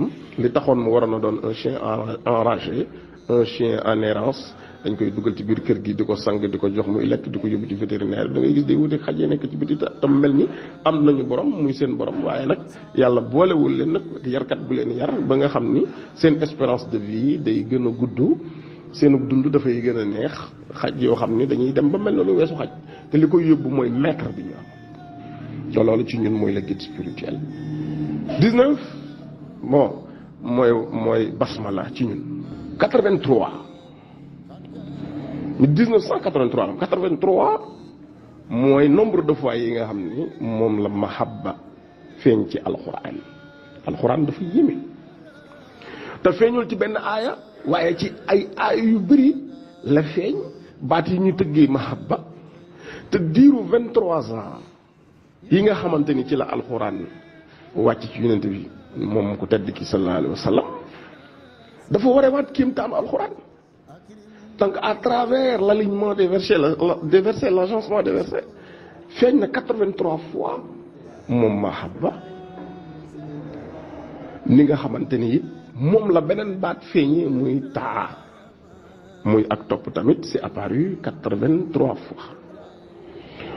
un chien enragé un chien en errance dañ koy duggal ci biir kër gi di ko sang di ko jox muy lekk di ko yóbbu ci vétérinaire da ngay gis day wuteeg xaj yi nekk ci biti tam mel ni am nañu borom muy seen borom waaye nag yàlla boolewul leen nag yarkat bu leen yar ba nga xam ni seen espérance de vie day gën a gudd seenu dund dafay gën a neex xaj yoo xam ni dañuy dem ba mel noonu weesu xaj te li koy yóbbu mooy maître bi ñu am te loolu ci ñun mooy la guide spirituel 19 bon mooy mooy basmala ci ñun 83 ni 1983 83 mooy nombre de fois yi nga xam ni moom la mahabba feeñ ci alxuraan alxuraan dafa yéeme te feeñul ci benn aaya waaye ci ay aaya yu bëri la feeñ baat yi ñu tëggee mahabba te diiru 23 ans yi nga xamante ni ci la alxuraan wàcc ci yonent bi moom ko tedd ki sallallahu alayhi wa sallam dafa warewaat kéemtaan alxuraan. donc à travers l'alignement des versets des versets l'agencement des versets fait na 83 fois mon mahabba ni nga xamante ni la benen baat feeñee mouy ta. Mouy ak tamit c'est apparu 83 fois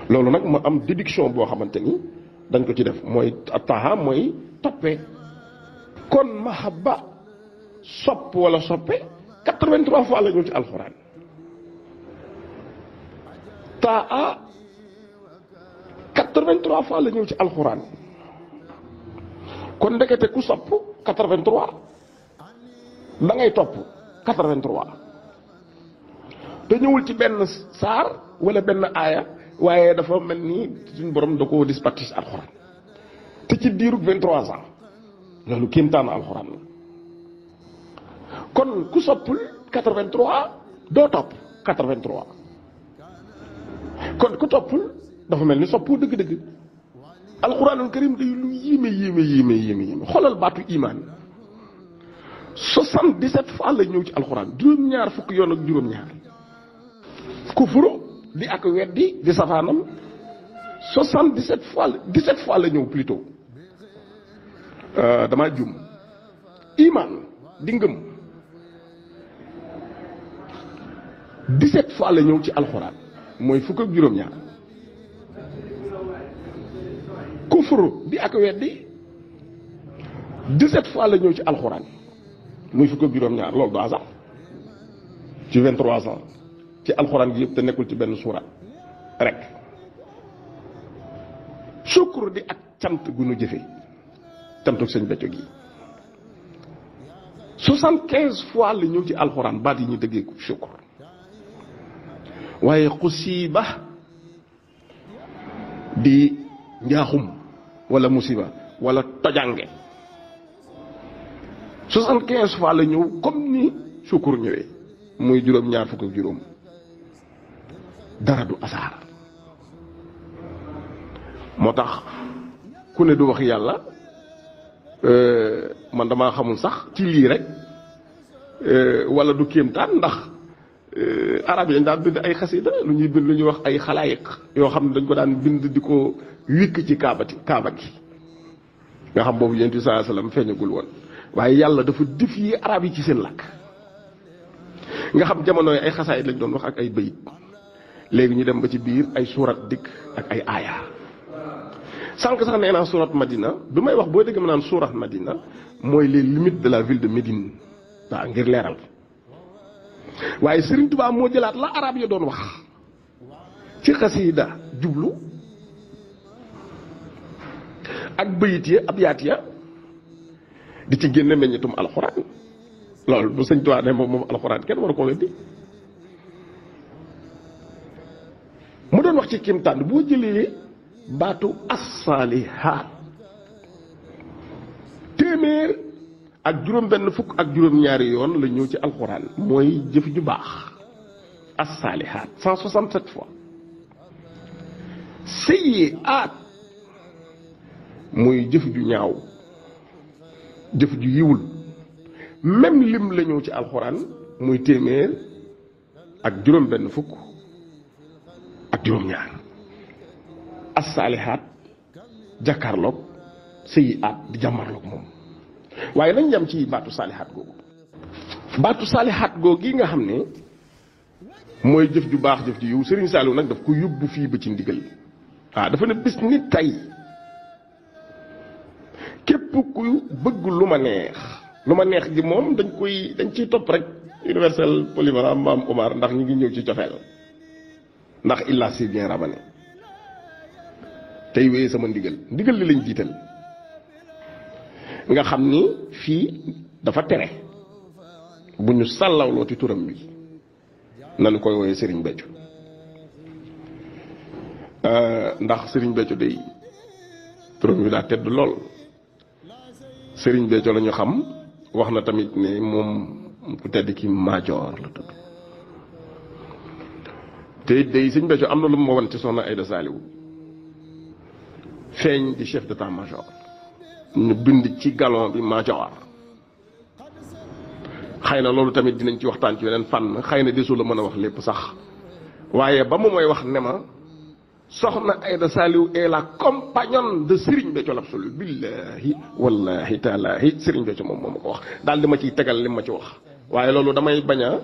Lorsque nag ma am déduction boo xamante ni dañ ko ci def mooy taa mooy toppee kon mahabba sopp wala soppe 83 fois la ñëw ci alxuraan taa 83 fois la ñëw ci alxuraan kon ndekete ku sopp 83 da ngay topp 83 te ñëwul ci benn saar wala benn aaya waaye dafa mel ni suñ borom da koo dispatché alxuraan te ci diirug 23 ans loolu kéemtaan alxuraan la kon ku soppul 83 doo topp 83 kon ku toppul dafa mel ni soppoo dëgg-dëgg alxuraanul karim day lu yéeme yéeme yéeme yéeme yéeme xoolal baatu imaan 77 fois la ñëw ci alxuraan juróom-ñaar fukk yoon ak juróom di ak weddi di safaanam 77 fois la 17 fois la ñëw plutôt euh, damaa jum imaan di ngëm. 17 fois la ñëw ci alcorane moy fuk ak juroom ñaar kufru bi ak weddi 17 fois la ñëw ci alcorane moy fuk ak juroom ñaar loolu du hasard ci 23 ans ci alcorane gi yëpp te nekul ci ben suura rek shukr di ak cant gu jëfé jëfe cantuk sëñ Béthio gi 75 fois la ñëw ci alcorane baat yi ñu dëggee ko shukr waaye xusiiba di njaaxum wala musiba walla tojange soixante quinze la ñëw comme ni sukkur ñëwee muy juróom ñaar fukk juróom dara du asaar moo tax ku ne du wax yàlla euh, man damaa xamul sax ci lii rek euh, wala du kéemtaan ndax arab yi ndal bind ay xasida lu ñuy bind lu ñuy wax ay xalaayiq yo xam dañ ko daan bind di ko wikk ci kaabati kaaba gi nga xam bobu yentu bi saa sallam feñagul won waye yàlla dafa def yi arab yi ci seen lak nga xam jamono ay xasaayit lañ doon wax ak ay beuy léegi ñu dem ba ci biir ay surat dik ak ay aya sank sax neena surat Madina bi may wax boo dégg manan surat Madina moy les limites de la ville de Médine ba ngir leral waaye Serigne Touba moo jëlaat la arab ya doon wax ci xasiida jublu ak bayit ya ab yaat ya di ci génne meññitum alxuraan loolu bu sëñ Touba ne moom moom alxuraan kenn war ko weddi mu doon wax ci kimtaan boo jëlee baatu assaalihaat téeméer ak juróom-benn fukk ak juróom-ñaari yoon la ñëw ci alxuraan mooy jëf ju baax as-saalihaat 167 fois muy jëf ju ñaaw jëf ju yiwul même lim la ñëw ci alxuraan muy téeméer ak juróom-benn fukk ak juróom-ñaar as-saalihaat jàkkaarloog sayyi'aat di jàmmarloog moom. waye lañ yam ci batu salihat googu batu salihat gogi nga xamne moy jëf ju baax jëf ju yu serigne Saliou nak daf ko yobbu fi ba ci ndigal waaw dafa ne bis nit tay kep ku bëgg luma neex luma neex gi mom dañ koy dañ ci top rek universal mam Omar ndax ñi ngi ñew ci ilasi ndax illa si bien ramené tay wé sama ndigal ndigal li lañ jital nga xam ni fii dafa tere bu ñu sàllawloo ci turam bi nanu koy woowee sëriñ beccu ndax sëriñ beccu day turam bi daa tedd lool sëriñ beccu la ñu xam wax na tamit ne moom ku tedd ki maajoor la tudd te day sëriñ beccu am na lu ma wan ci soxna Aïda Saliou feeñ di chef de major ñu bind ci galon bi majoor xëy na loolu tamit dinañ ci waxtaan ci yeneen fànn xëy na desu la mën a wax lépp sax waaye ba mu mooy wax ne ma soxna Aïda Saliou est la compagnonne de Serigne Béthio l'absolu billahi wallahi taalaahi Serigne Béthio moom moo ma ko wax daal di ma ciy tegal li ma ci wax waaye loolu damay baña a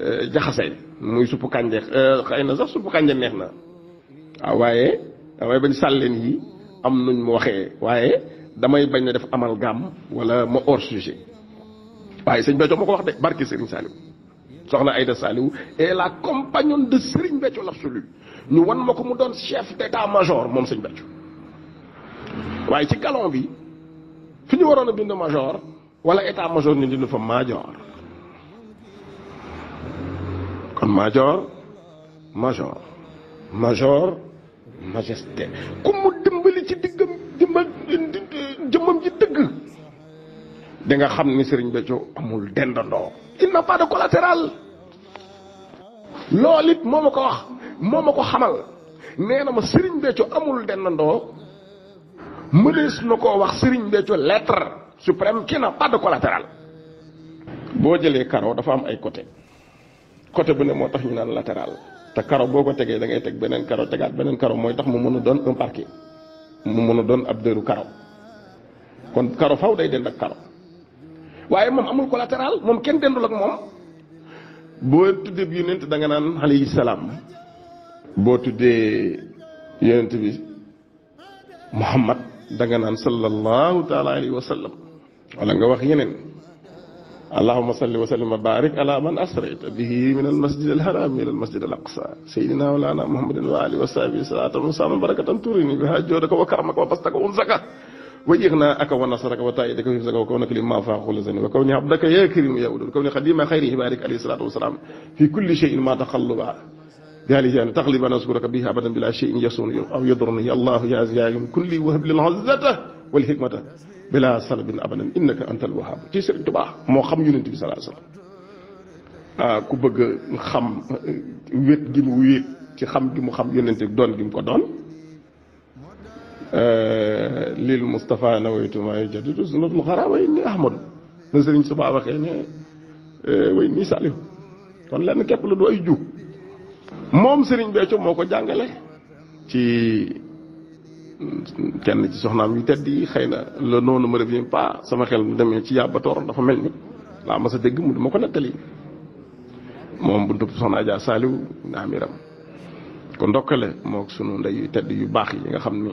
euh, jaxase muy suppu kànja euh, xëy na sax suppu kànja neex na waaw ah, waaye damay bañ sàlleen yi am nuñ mu waxee waaye damay bañ na def gam wala mo hors sujet waaye seigne Béthio mako wax de barki seigne salim soxna Aïda Saliou et la compagnonne de Serigne Béthio l'absolu ñu wan mako mu doon chef d'état-major mom seigne Béthio waaye ci galon bi fi ñu waroon a major wala état-major ñu dina fa major kon major major major majesté ku jëmmam ji dëgg di nga xam ni sëriñ Béthio amul dendandoo il n'a pas de collatéral loolu it ko wax moo ko xamal nee na ma sëriñ Béthio amul dendandoo mënees na koo wax sëriñ Béthio lettre suprême qui n'a pas de collatéral boo jëlee karo dafa am ay côté côté bu ne moo tax ñu naan latéral te karo boo ko tegee da ngay teg beneen karo tegaat beneen karo mooy tax mu mën a doon un parquet mu mën a doon ab deru karo kon karo faw day dend ak karo waaye moom amul collatéral moom kenn dendul ak moom boo tuddee bi yonent da nga naan alayhi salaam boo tuddee yonent bi muhammad da nga naan sallallahu taala alayhi wa sallam wala nga wax yeneen allahuma salli wa sallim wa barik ala man asrayta bihi min al masjid al haram ila al masjid al aqsa sayyidina wa lana muhammadin wa alihi wa sahbihi wa karamaka wa bastaka wa وجئنا أك ونصرك وتأيدك ويمسك وكونك لما فاق كل زين وكوني عبدك يا كريم يا ولد وكوني خديم خيره بارك عليه الصلاة والسلام في كل شيء ما تخلوا قال يعني تغلب نذكرك بها أبدا بلا شيء يسوني أو يضرني الله يا عزيز كل وهب للعزة والحكمة بلا سلب أبدا إنك أنت الوهاب ci Serigne Touba moo xam yonent bi sallallahu alayhi wasallam ku bëgg xam wét gi mu wét ci xam gi mu xam yonent doon gi mu ko doon آه، للمصطفى نويت ما يجد زنود الغرا وين احمد نسرين صباح يعني، آه، وخينا وين نيساليو كون لن كيبل دو اي جو موم سرين بيتو موكو جانغالي تي كان تي سخنام يي تدي خينا لو نو نو مريفين با سما خيل دمي تي يابتور دا فا ملني لا ما سا دغ مود مكو نتالي موم بنتو سونا جا ساليو ناميرام كون دوكالي موك سونو نداي تدي يو باخ ييغا خامني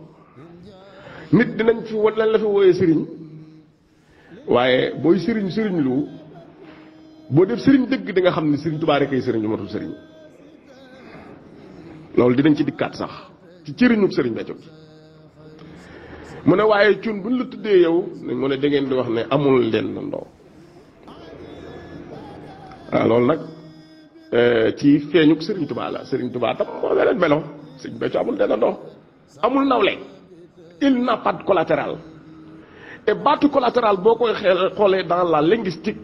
nit dinañ fi wala la fi wooyee sëriñ waaye booy sëriñ sëriñ lu boo def sëriñ dëgg di nga xam ne sëriñ Tuubaa rekk ay sëriñ lu matul sëriñ loolu dinañ ci dikkaat sax ci cëriñu sëriñ Béthio mu ne waaye cun buñ la tuddee yow mu ne da ngeen di wax ne amul leen ndoo waaw loolu nag eh, ci feeñuk sëriñ Tuubaa la sëriñ Tuubaa tam moo weneen melo sëriñ Béthio amul leen ndoo amul nawle il n'a pas de collatéral et battu collatéral boo koy xeel dans la linguistique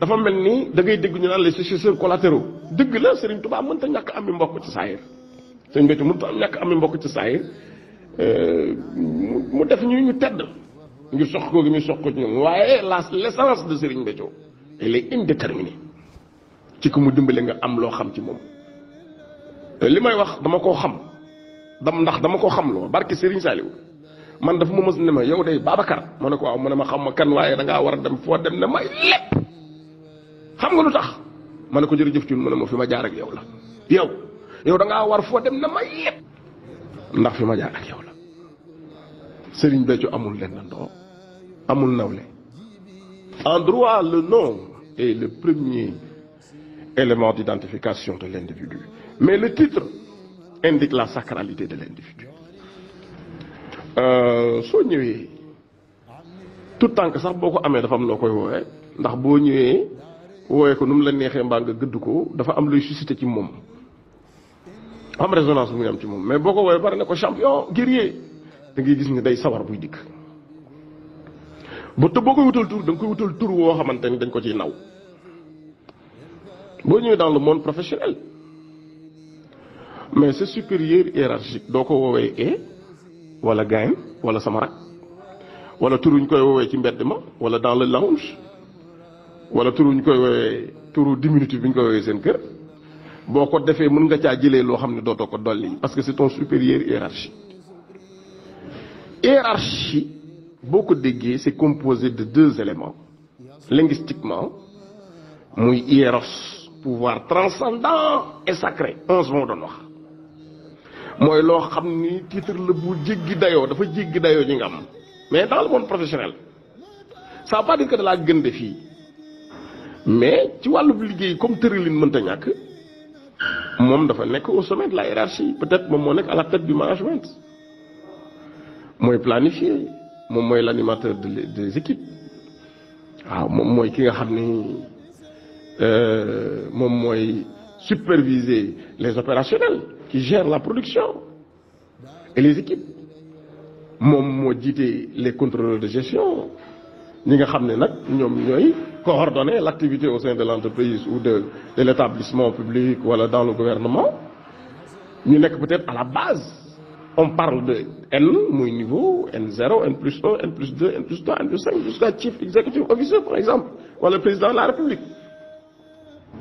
dafa melni ni da ngay dégg ñu naan les successeurs collatéraux dëgg la Serigne Touba mën mënta ñàkk ami mbokk ci sahir Serigne Béthio mënta am ñàkk ami mbokk ci saayir euh, mu def ñu ñu tedd ngir sox koo gi muy sox ko ci ñoom waaye la l'essence de Serigne Béthio elle est indéterminée ci ku mu dimbale nga am loo xam ci moom euh, li may wax dama ko xam dam ndax dama ko xam loo barki Serigne Saliou man dafa ma mës ne ma yow day babakar ma ne ko waaw mu ne ma xam ma kan waaye da ngaa war a dem foo dem ne may lépp xam nga lu tax ma ne ko jërëjëf Thioune mu ne ma fi ma jaar ak yow la yow yow da ngaa war foo dem ne may lépp ndax fi ma jaar ak yow la Serigne Béthio amul lenn ndoo amul nawle en droit le nom est le premier élément d'identification de l'individu mais le titre indique la sacralité de l'individu Euh, soo ñëwee tout tànk sax boo ko amee dafa am noo koy woowee ndax boo ñëwee woowee ko nu mu la neexee mbaa nga gëdd ko dafa am luy suscité ci moom am résonance bu muy am ci moom mais boo ko woowee bari ne ko champion guerrier da ngay gis ni day sawar buy dikk ba te boo koy wutal tur danga nga koy wutal tur woo xamante ni dañ ko ciy naw boo ñëwee dans le monde professionnel mais c'est supérieur hiérarchique doo ko woowee eh? wala gain wala sama rak wala turuñ koy wowe ci mbedd ma wala dans le lounge wala turuñ koy wowe turu diminutif bi ñu koy wowe seen kër boo ko defee mën nga caa jëlee loo xam ne ko parce que c'est ton supérieur hiérarchie hiérarchie beaucoup de déggee c'est composé de deux éléments linguistiquement muy hieros pouvoir transcendant et sacré onze moo doon moy lo xamni titre le bu jéggi dayo dafa dayo ñi nga mais dans le monde professionnel ça veut pas dire que c'est la grande fi mais tu walu l'obligé, comme tëralin mënta ñak ne dafa pas au sommet de la hiérarchie peut-être que je suis à la tête du management suis planifier Je suis l'animateur des équipes Je suis supervisé ki nga euh, superviser les opérationnels qui gère la production et les équipes Mon moo les contrôleurs de gestion Nous avons coordonné l'activité au sein de l'entreprise ou de de l'établissement public wala dans le gouvernement Nous nekk peut-être à la base on parle de N mon niveau N0 N plus 1 N plus 2 N plus 3 N 5 jusqu'à chief executive officer par exemple ou le président de la république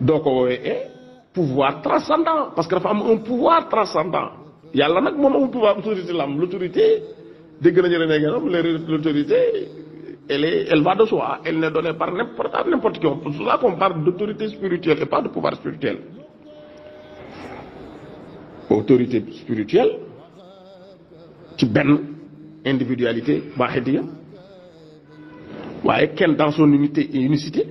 Donc, on est pouvoir transcendant parce que femme a un pouvoir transcendant Il y a un pouvoir autorité la l'autorité, L'autorité, elle elle va de soi elle n'est donnée par n'importe qui c'est pour qu'on parle d'autorité spirituelle et pas de pouvoir spirituel. autorité spirituelle qui une individualité dans son unité et unicité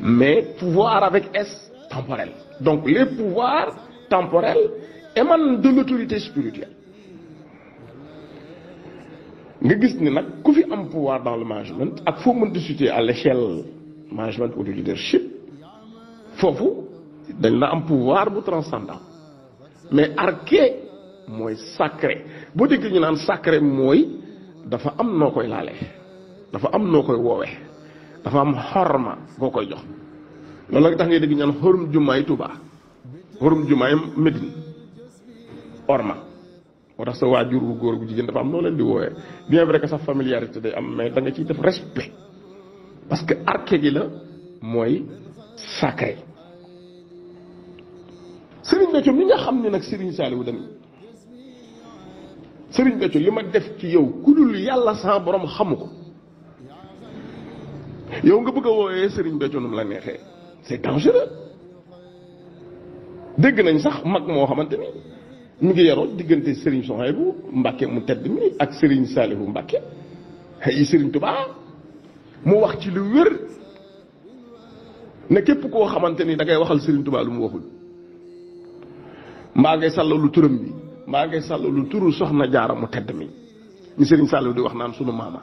mais pouvoir avec S temporelle. Donc les pouvoirs temporels émanent de l'autorité spirituelle. nga dis ni nag y fi am pouvoir dans le management ak foo mënta discuter à l'échelle management ou du leadership il y a un pouvoir bu transcendant mais arché est sacré boo dégg ñu un sacré mooy dafa am noo koy laalee dafa am noo il woowee dafa am xorma boo jox loolu nag tax ngay dégg ñaan xorum jumaay Touba xorum jumaay Médine orma moo tax sa waajur bu góor gu jigéen dafa am noo leen di woowee bien vrai que sax familiarité day am mais da nga ciy def respect parce que arke gi la mooy sacré Serigne Béthio mi nga xam ne nag Serigne Saliou dem Serigne Béthio li ma def ci yow ku dul yàlla sa borom xamu ko yow nga bëgg a wooyee Serigne Béthio nu mu la neexee. c'est dangereux dégg nañ sax mag moo xamante ni mu ngi yaroo diggante Serigne Souhaïbou mbakke mu tedd mi ak Serigne Saliou Mbacké ay Serigne Touba mu wax ci lu wér ne képp koo xamante ni da ngay waxal Serigne Touba lu mu waxul mbaa ngay sàllalu turam bi mbaa ngay sàllalu turu soxna jaara mu tedd mi ñu Serigne Saliou di wax naan sunu maama.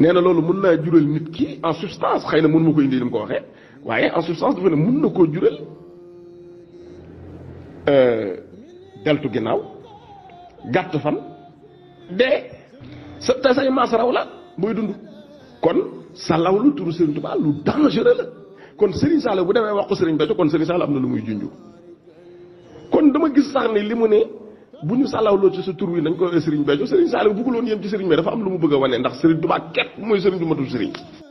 nee na loolu mën naa jural nit ki en substance xëy na mën ma ko li mu ko waxee waaye en substance dafa ne mën na koo jural euh, deltu ginnaaw gàtt fan dee sa te say maas la booy dund kon sa law lu turu Serigne Touba lu dangereux la kon Serigne Sall bu demee wax ko Serigne Béthio kon Serigne Sall am na lu muy junju kon dama gis sax ni li mu ne bu ñu sàllawloo ci sa tur wi nañ ko Serigne Béthio Serigne Saliou bëgguloon yem ci Serigne mais dafa am lu mu bëgg a wane ndax Serigne Touba képp mooy Serigne du matul Serigne